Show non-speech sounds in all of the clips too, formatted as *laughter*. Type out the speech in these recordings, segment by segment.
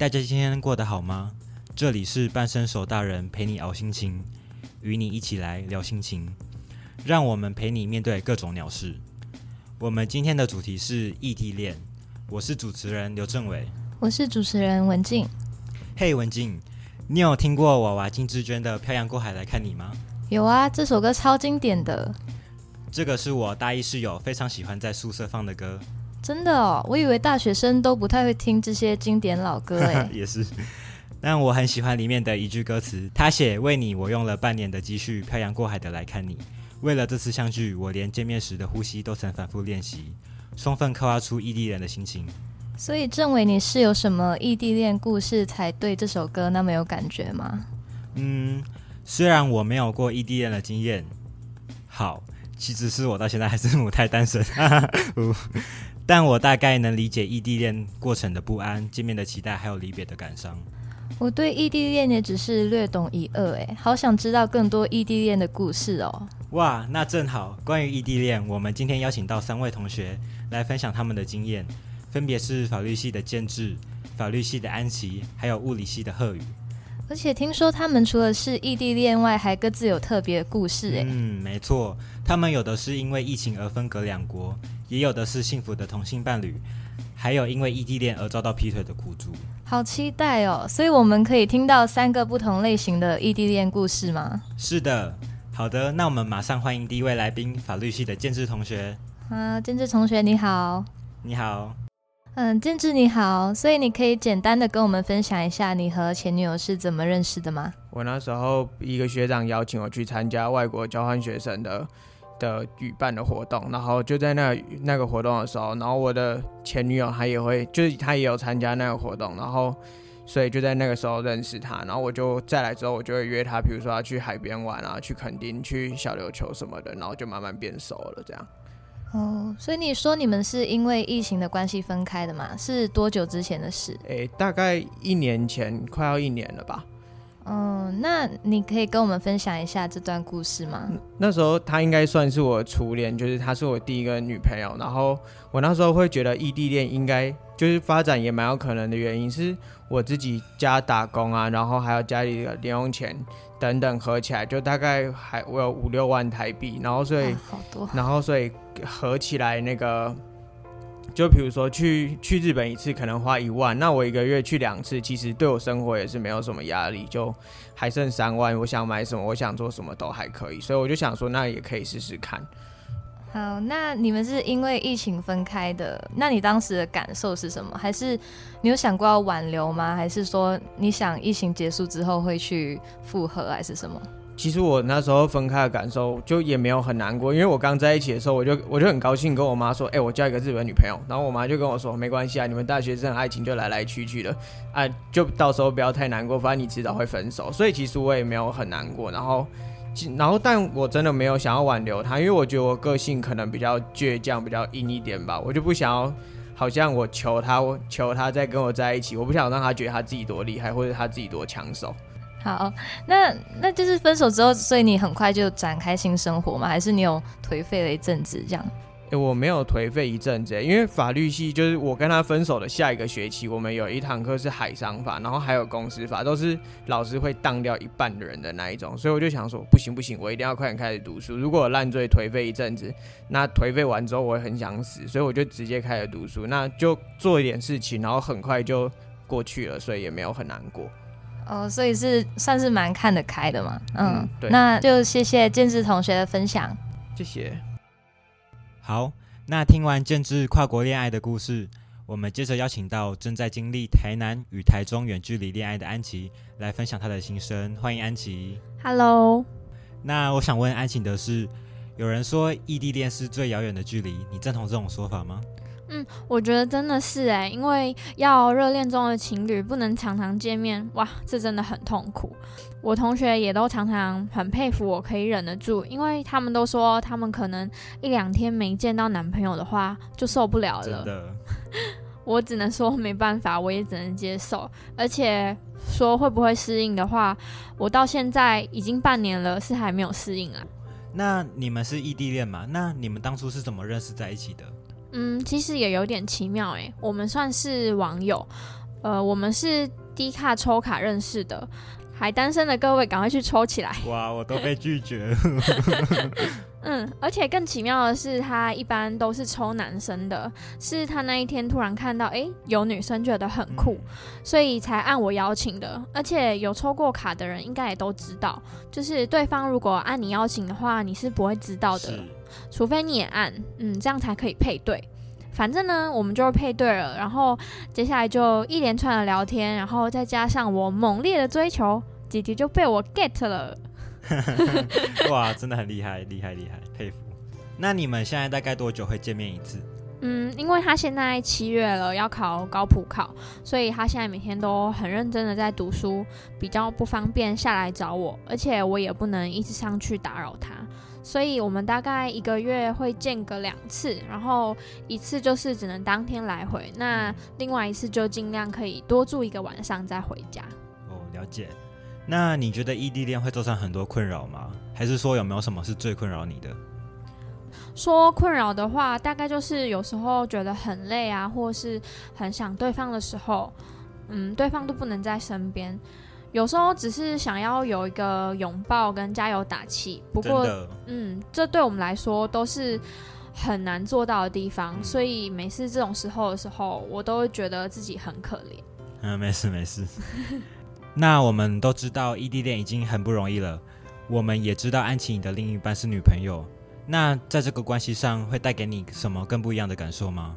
大家今天過得好嗎？這裡是半生熟大人陪你熬心情，與你一起來聊心情，讓我們陪你面對各種鳥事。我們今天的主題是異地戀，我是主持人劉振偉，我是主持人文靜。嘿，hey, 文靜，你有聽過娃娃金智娟的《飄洋過海來看你》嗎？有啊，這首歌超經典的。這個是我大一室友非常喜歡在宿舍放的歌。真的哦，我以為大學生都不太會聽這些經典老歌誒、欸，也是，但我很喜歡裡面的一句歌詞，他寫：“為你，我用了半年的積蓄，漂洋過海的來看你。為了這次相聚，我連見面時的呼吸都曾反覆練習，充分刻畫出異地戀的心情。”所以，政委，你是有什麼異地戀故事才對這首歌那麼有感覺嗎？嗯，雖然我沒有過異地戀的經驗，好，其實是我到現在還是母胎單身。 *laughs* *laughs* 但我大概能理解異地戀過程的不安、見面的期待，還有離別的感傷。我對異地戀也只是略懂一二，誒，好想知道更多異地戀的故事哦、喔。哇，那正好，關於異地戀，我們今天邀請到三位同學來分享他們的經驗，分別是法律系的建制、法律系的安琪，還有物理系的賀宇。而且聽說他們除了是異地戀外，還各自有特別的故事、欸，誒。嗯，沒錯，他們有的是因為疫情而分隔兩國。也有的是幸福的同性伴侶，還有因為異地戀而遭到劈腿的苦主。好期待哦！所以我們可以聽到三個不同類型的異地戀故事嗎？是的，好的，那我們馬上歡迎第一位來賓，法律系的建智同學。啊，建智同學你好。你好。你好，嗯，建智你好，所以你可以簡單的跟我們分享一下你和前女友是怎麼認識的嗎？我那時候一個學長邀請我去參加外國交換學生的。的舉辦的活動，然後就在那個、那個活動的時候，然後我的前女友她也會，就是她也有參加那個活動，然後所以就在那個時候認識她。然後我就再來之後我就會約她，比如說她去海邊玩啊，去墾丁、去小琉球什麼的，然後就慢慢變熟了這樣。哦，所以你說你們是因為疫情的關係分開的嗎？是多久之前的事？誒，大概一年前，快要一年了吧。嗯，那你可以跟我們分享一下這段故事嗎？那，那時候她應該算是我初戀，就是她是我第一個女朋友。然後我那時候會覺得異地戀應該就是發展也蠻有可能的，原因是，我自己家打工啊，然後還有家裡的零用錢等等合起來，就大概還我有五六萬台幣。然後所以，啊，好多。然後所以合起來那個。就比如說去去日本一次可能花一萬，那我一個月去兩次，其實對我生活也是沒有什麼壓力，就還剩三萬，我想買什麼，我想做什麼都還可以，所以我就想說，那也可以試試看。好，那你們是因為疫情分開的，那你當時的感受是什麼？還是你有想過要挽留嗎？還是說你想疫情結束之後會去復合，還是什麼？其實我那時候分開的感受就也沒有很難過，因為我剛在一起的時候，我就我就很高興跟我媽說，哎、欸，我交一個日本女朋友，然後我媽就跟我說，沒關係啊，你們大學生愛情就來來去去的，啊，就到時候不要太難過，反正你遲早會分手。所以其實我也沒有很難過。然後，然後但我真的沒有想要挽留她，因為我覺得我個性可能比較倔強，比較硬一點吧，我就不想要，好像我求她，我求她再跟我在一起，我不想讓她覺得她自己多厲害，或者她自己多搶手。好，那那就是分手之後，所以你很快就展開新生活嗎？還是你有頹廢了一陣子這樣？欸、我沒有頹廢一陣子、欸，因為法律系就是我跟他分手的下一個學期，我們有一堂課是海商法，然後還有公司法，都是老師會當掉一半的人的那一種，所以我就想說不行不行，我一定要快點開始讀書。如果我爛醉頹廢一陣子，那頹廢完之後我會很想死，所以我就直接開始讀書，那就做一點事情，然後很快就過去了，所以也沒有很難過。哦，oh, 所以是算是蠻看得開的嘛，嗯，對嗯，那就謝謝建志同學的分享，謝謝。好，那聽完建志跨國戀愛的故事，我們接着邀請到正在經歷台南與台中遠距離戀愛的安琪來分享她的心聲，歡迎安琪。Hello，那我想問安琪的是，有人說異地戀是最遙遠的距離，你認同這種說法嗎？嗯，我覺得真的是哎，因為要熱戀中的情侶不能常常見面，哇，這真的很痛苦。我同學也都常常很佩服我可以忍得住，因為他們都說他們可能一兩天沒見到男朋友的話就受不了了。真的， *laughs* 我只能說沒辦法，我也只能接受。而且說會不會適應的話，我到現在已經半年了，是還沒有適應啊。那你們是異地戀嗎？那你們當初是怎麼認識在一起的？嗯，其實也有點奇妙哎、欸，我們算是網友，呃，我們是 D 卡抽卡認識的，還單身的各位趕快去抽起來。哇，我都被拒絕了。 *laughs* *laughs* 嗯，而且更奇妙的是，他一般都是抽男生的，是他那一天突然看到，哎、欸，有女生覺得很酷，嗯、所以才按我邀請的。而且有抽過卡的人應該也都知道，就是對方如果按你邀請的話，你是不會知道的。除非你也按，嗯，這樣才可以配對。反正呢，我們就是配對了，然後接下來就一連串的聊天，然後再加上我猛烈的追求，姐姐就被我 get 了。 *laughs* 哇，真的很厲害，厲害，厲害，佩服。那你們現在大概多久會見面一次？嗯，因為他現在七月了，要考高普考，所以他現在每天都很認真的在讀書，比較不方便下來找我，而且我也不能一直上去打擾他。所以，我們大概一個月會見個兩次，然後一次就是只能當天來回，那另外一次就盡量可以多住一個晚上再回家。哦，了解。那你覺得異地戀會造成很多困擾嗎？還是說有沒有什麼是最困擾你的？說困擾的話，大概就是有時候覺得很累啊，或是很想對方的時候，嗯，對方都不能在身邊。有時候只是想要有一個擁抱跟加油打氣，不過的嗯，這對我們來說都是很難做到的地方，嗯、所以每次這種時候的時候，我都會覺得自己很可憐。嗯、啊，沒事沒事。 *laughs* 那我們都知道異地戀已經很不容易了，我們也知道安琪你的另一半是女朋友，那在這個關係上會帶給你什麼更不一樣的感受嗎？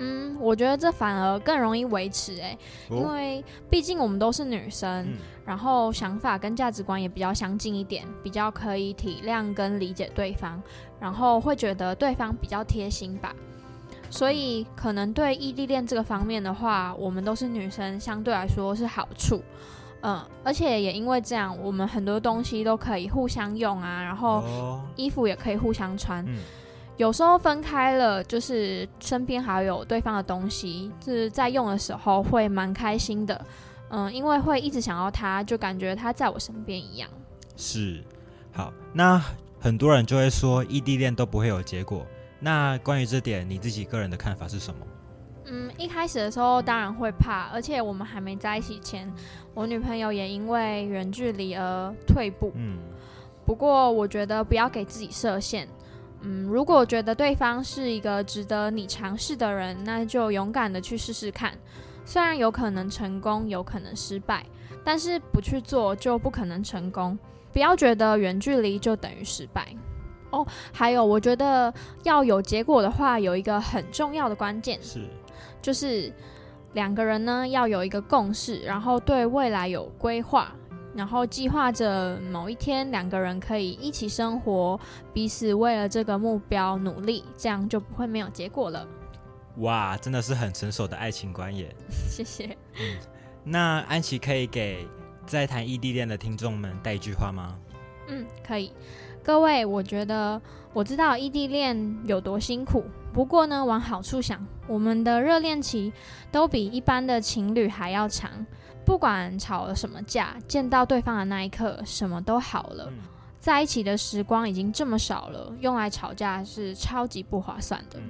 嗯，我覺得這反而更容易維持誒、欸，哦、因為畢竟我們都是女生，嗯、然後想法跟價值觀也比較相近一點，比較可以體諒跟理解對方，然後會覺得對方比較貼心吧。所以可能對異地戀這個方面的話，我們都是女生，相對來說是好處。嗯，而且也因為這樣，我們很多東西都可以互相用啊，然後衣服也可以互相穿。哦，嗯。有時候分開了，就是身邊還有對方的東西，就是在用的時候會蠻開心的，嗯，因為會一直想要他，就感覺他在我身邊一樣。是，好，那很多人就會說異地戀都不會有結果，那關於這點你自己個人的看法是什麼？嗯，一開始的時候當然會怕，而且我們還沒在一起前，我女朋友也因為遠距離而退步，嗯，不過我覺得不要給自己設限。嗯，如果覺得對方是一個值得你嘗試的人，那就勇敢的去試試看。雖然有可能成功，有可能失敗，但是不去做就不可能成功。不要覺得遠距離就等於失敗。哦，還有，我覺得要有結果的話，有一個很重要的關鍵，是就是兩個人呢要有一個共識，然後對未來有規劃。然後計劃着某一天兩個人可以一起生活，彼此為了這個目標努力，這樣就不會沒有結果了。哇，真的是很成熟的愛情觀耶！謝謝。嗯，那安琪可以給在談異地戀的聽眾們帶一句話嗎？嗯，可以。各位，我覺得我知道異地戀有多辛苦，不過呢，往好處想，我們的熱戀期都比一般的情侶還要長。不管吵了什麼架，見到對方的那一刻，什麼都好了。嗯、在一起的時光已經這麼少了，用來吵架是超級不划算的。嗯、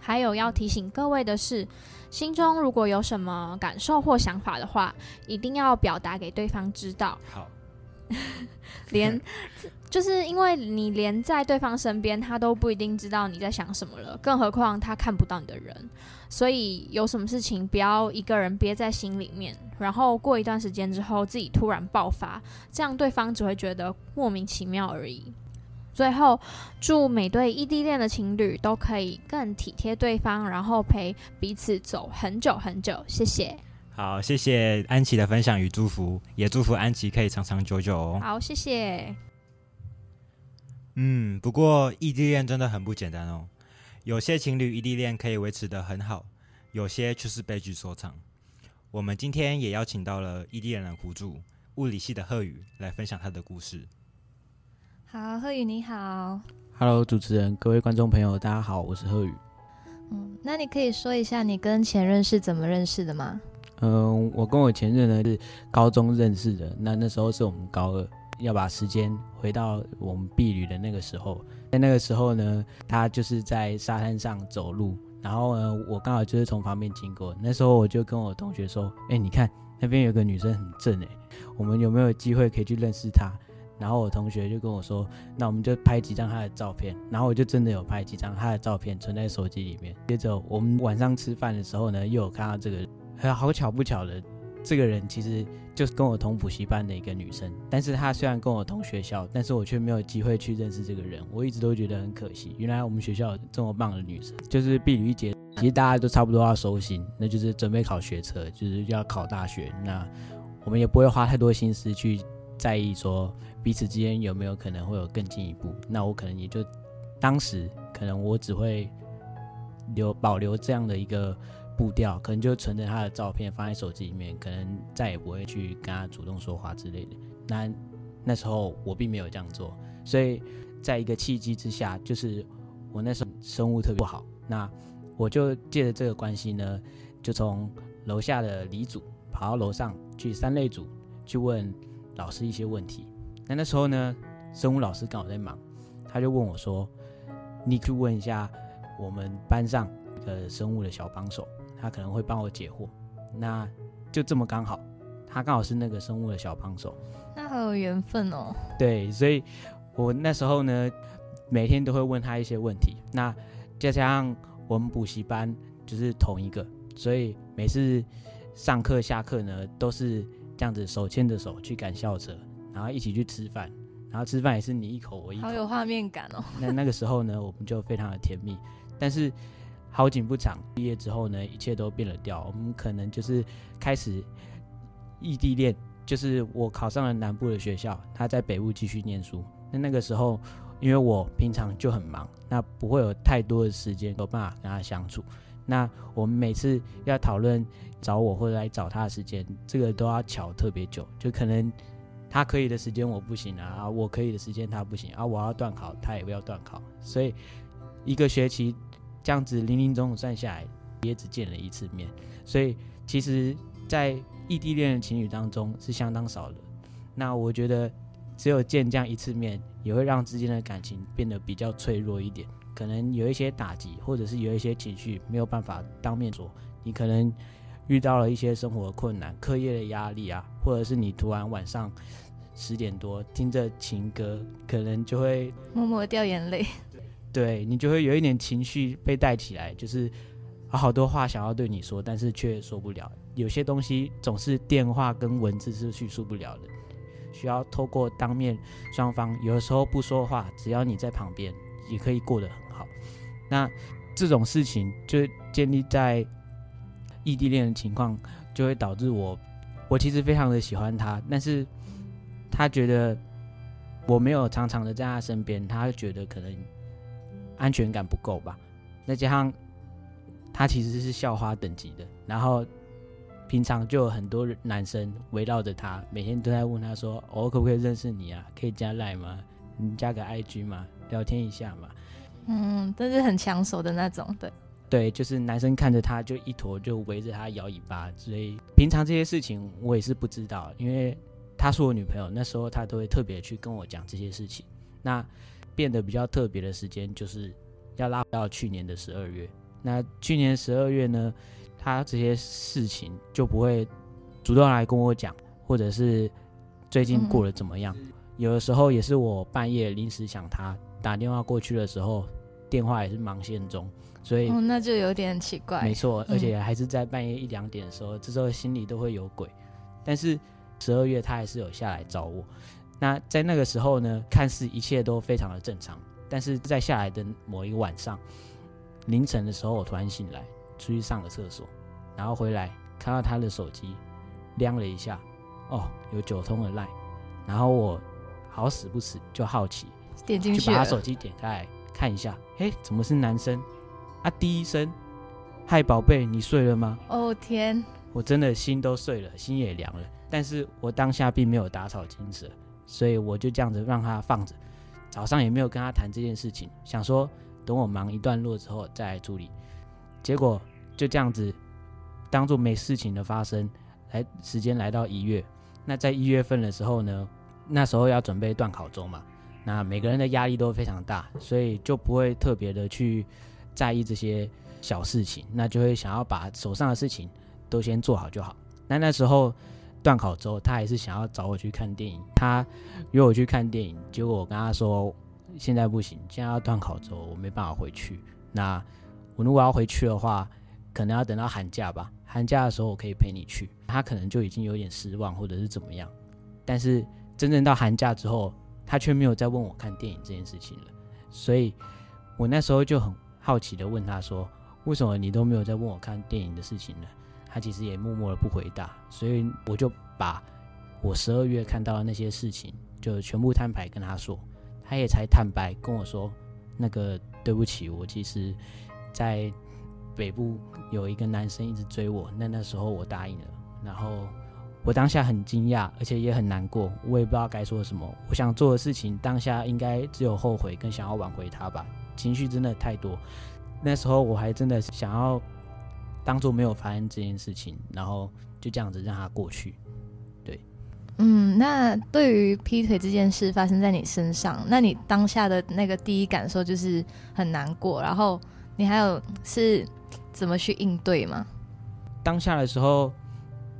還有要提醒各位的是，心中如果有什麼感受或想法的話，一定要表達給對方知道。好。 *laughs* 連，就是因為你連在對方身邊，他都不一定知道你在想什麼了，更何況他看不到你的人。所以有什麼事情，不要一個人憋在心裡面，然後過一段時間之後自己突然爆發，這樣對方只會覺得莫名其妙而已。最後，祝每對異地戀的情侶都可以更體貼對方，然後陪彼此走很久很久。謝謝。好，謝謝安琪的分享與祝福，也祝福安琪可以長長久久哦。好，謝謝。嗯，不過異地戀真的很不簡單哦。有些情侶異地戀可以維持得很好，有些卻是悲劇收場。我們今天也邀請到了異地戀的苦主，物理系的賀宇，來分享他的故事。好，賀宇你好。Hello，主持人，各位觀眾朋友，大家好，我是賀宇。嗯，那你可以說一下你跟前任是怎麼認識的嗎？嗯，我跟我前任呢，是高中認識的。那那時候是我們高二，要把時間回到我們畢業的那個時候。在那，那個時候呢，她就是在沙灘上走路，然後呢，我剛好就是從旁邊經過。那時候我就跟我同學說：“哎、欸，你看那邊有個女生很正哎、欸，我們有沒有機會可以去認識她？”然後我同學就跟我說：“那我們就拍幾張她的照片。”然後我就真的有拍幾張她的照片存在手機裡面。接着我們晚上吃飯的時候呢，又有看到這個。好巧不巧的，這個人其實就是跟我同補習班的一個女生。但是她雖然跟我同學校，但是我卻沒有機會去認識這個人。我一直都覺得很可惜。原來我們學校有這麼棒的女生，就是畢旅一姐。其實大家都差不多要收心，那就是準備考學測，就是要考大學。那我們也不會花太多心思去在意說彼此之間有沒有可能會有更進一步。那我可能也就，當時可能我只會留保留這樣的一個。步調可能就存着他的照片，放在手機裡面，可能再也不會去跟他主動說話之類的。那那時候我並沒有這樣做，所以在一個契機之下，就是我那時候生物特別不好，那我就借着這個關係呢，就從樓下的理組跑到樓上去三類組去問老師一些問題。那那時候呢，生物老師剛好在忙，他就問我說：“你去問一下我們班上的生物的小幫手。”他可能會幫我解惑，那就這麼剛好，他剛好是那個生物的小幫手，那好有緣分哦。對，所以我那時候呢，每天都會問他一些問題。那就像我們補習班就是同一個，所以每次上課下課呢，都是這樣子手牽着手去趕校車，然後一起去吃飯，然後吃飯也是你一口我一口，好有畫面感哦。 *laughs* 那那個時候呢，我們就非常的甜蜜，但是。好景不長，畢業之後呢，一切都變了調。我們可能就是開始異地戀，就是我考上了南部的學校，他在北部繼續念書。那那個時候，因為我平常就很忙，那不會有太多的時間有辦法跟他相處。那我們每次要討論找我或者來找他的時間，這個都要喬特別久。就可能他可以的時間我不行啊，啊，我可以的時間他不行啊，啊，我要段考他也不要段考，所以一個學期。這樣子零零總總算下來也只見了一次面，所以其實，在異地戀的情侶當中是相當少的。那我覺得，只有見這樣一次面，也會讓之間的感情變得比較脆弱一點，可能有一些打擊，或者是有一些情緒沒有辦法當面說。你可能遇到了一些生活困難、課業的壓力啊，或者是你突然晚上十點多聽着情歌，可能就會默默掉眼淚。對，你就會有一點情緒被帶起來，就是有好多話想要對你說，但是卻說不了。有些東西總是電話跟文字是敘述不了的，需要透過當面雙方。有時候不說話，只要你在旁邊，也可以過得很好。那這種事情就建立在異地戀的情況，就會導致我，我其實非常的喜歡他，但是他覺得我沒有常常的在他身邊，他覺得可能。安全感不夠吧？再加上他其實是校花等級的，然後平常就有很多男生圍繞着他，每天都在問他說：“我、哦、可不可以認識你啊？可以加 line 嗎？你加個 IG 嗎？聊天一下嘛？”嗯，但、就是很搶手的那種，對。對，就是男生看着他就一坨就圍着她搖尾巴，所以平常這些事情我也是不知道，因為她是我女朋友，那時候她都會特別去跟我講這些事情。那。變得比較特別的時間，就是要拉到去年的十二月。那去年十二月呢，他這些事情就不會主動來跟我講，或者是最近過得怎麼樣。有的時候也是我半夜臨時想他，打電話過去的時候，電話也是忙線中，所以那就有點奇怪。沒錯，而且還是在半夜一兩點的時候，這時候心裡都會有鬼。但是十二月他還是有下來找我。那在那個時候呢，看似一切都非常的正常，但是在下來的某一個晚上凌晨的時候，我突然醒來，出去上了廁所，然後回來看到他的手機亮了一下，哦，有九通的賴，然後我好死不死就好奇，點進去，把他手機點開來看一下，嘿，怎麼是男生啊？第一聲，嗨，寶貝，你睡了嗎？哦、oh, 天，我真的心都碎了，心也涼了，但是我當下並沒有打草驚蛇。所以我就這樣子讓他放着，早上也沒有跟他談這件事情，想說等我忙一段落之後再來處理。結果就這樣子，當做沒事情的發生。來，時間來到一月，那在一月份的時候呢，那時候要準備段考週嘛，那每個人的壓力都非常大，所以就不會特別的去在意這些小事情，那就會想要把手上的事情都先做好就好。那那時候。斷考之後，他還是想要找我去看電影。他約我去看電影，結果我跟他說現在不行，現在要斷考之後我沒辦法回去。那我如果要回去的話，可能要等到寒假吧。寒假的時候我可以陪你去。他可能就已經有點失望，或者是怎麼樣。但是真正到寒假之後，他卻沒有再問我看電影這件事情了。所以我那時候就很好奇地問他說：為什麼你都沒有再問我看電影的事情呢？他其實也默默的不回答，所以我就把我十二月看到的那些事情就全部坦白跟他說，他也才坦白跟我說，那個對不起，我其實，在北部有一個男生一直追我，那那時候我答應了，然後我當下很驚訝，而且也很難過，我也不知道該說什麼，我想做的事情當下應該只有後悔跟想要挽回他吧，情緒真的太多，那時候我還真的想要。當做沒有發生這件事情，然後就這樣子讓他過去。對，嗯，那對於劈腿這件事發生在你身上，那你當下的那個第一感受就是很難過，然後你還有是怎麼去應對嗎？當下的時候，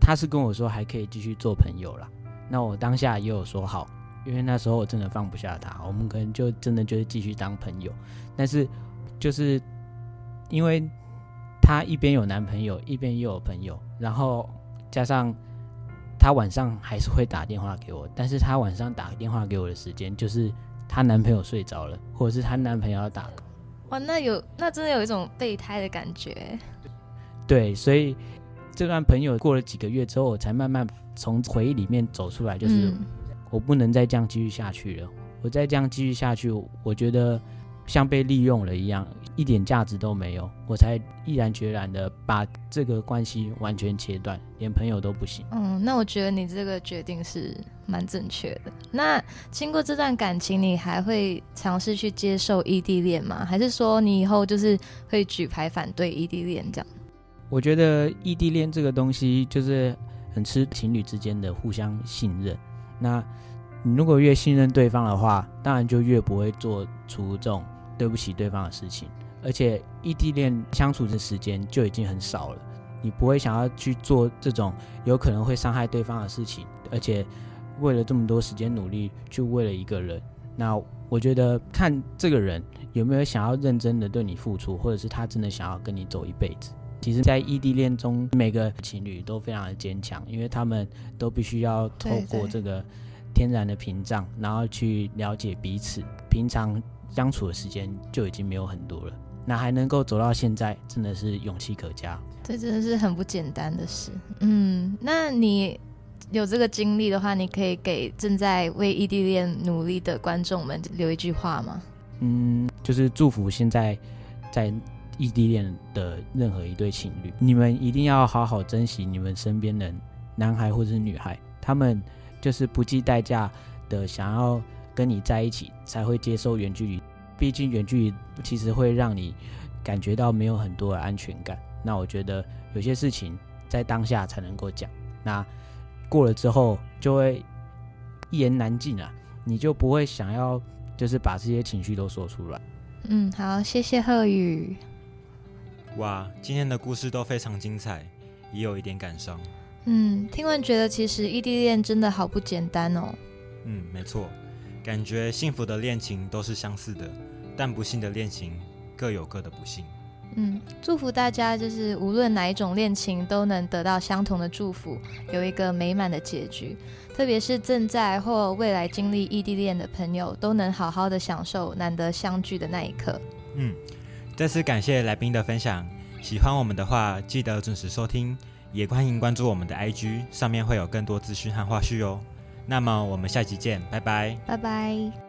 他是跟我說還可以繼續做朋友啦，那我當下也有說好，因為那時候我真的放不下他，我們可能就真的就是繼續當朋友，但是就是因為。她一邊有男朋友，一邊也有朋友，然後加上她晚上還是會打電話給我，但是她晚上打電話給我的時間，就是她男朋友睡着了，或者是她男朋友要打。哇，那有那真的有一種備胎的感覺。對，所以這段朋友過了幾個月之後，我才慢慢從回憶裡面走出來，就是、嗯、我不能再這樣繼續下去了，我再這樣繼續下去，我覺得。像被利用了一樣，一點價值都沒有，我才毅然決然的把這個關係完全切斷，連朋友都不行。嗯，那我覺得你這個決定是蠻正確的。那經過這段感情，你還會嘗試去接受異地戀嗎？還是說你以後就是會舉牌反對異地戀這樣？我覺得異地戀這個東西就是很吃情侶之間的互相信任。那你如果越信任對方的話，當然就越不會做出這種。對不起對方的事情，而且異地戀相處的時間就已經很少了，你不會想要去做這種有可能會傷害對方的事情，而且為了這麼多時間努力，去為了一個人。那我覺得看這個人有沒有想要認真的對你付出，或者是他真的想要跟你走一輩子。其實，在異地戀中，每個情侶都非常的堅強，因為他們都必須要透過這個天然的屏障，然後去了解彼此。對對 平常。相處的時間就已經沒有很多了，那還能夠走到現在，真的是勇氣可嘉。這真的是很不簡單的事。嗯，那你有這個經歷的話，你可以給正在為異地戀努力的觀眾們留一句話嗎？嗯，就是祝福現在在異地戀的任何一對情侶，你們一定要好好珍惜你們身邊的人，男孩或者是女孩，他們就是不計代價的想要。跟你在一起才會接受遠距離，畢竟遠距離其實會讓你感覺到沒有很多的安全感。那我覺得有些事情在當下才能夠講，那過了之後就會一言難盡了啊，你就不會想要就是把這些情緒都說出來。嗯，好，謝謝賀宇。哇，今天的故事都非常精彩，也有一點感傷。嗯，聽完覺得其實異地戀真的好不簡單哦。嗯，沒錯。感覺幸福的戀情都是相似的，但不幸的戀情各有各的不幸。嗯，祝福大家，就是無論哪一種戀情都能得到相同的祝福，有一個美滿的結局。特別是正在或未來經歷異地戀的朋友，都能好好的享受難得相聚的那一刻。嗯，再次感謝來賓的分享。喜歡我們的話，記得準時收聽，也歡迎關注我們的 IG，上面會有更多資訊和花絮哦。那麼我們下期見，拜拜，拜拜。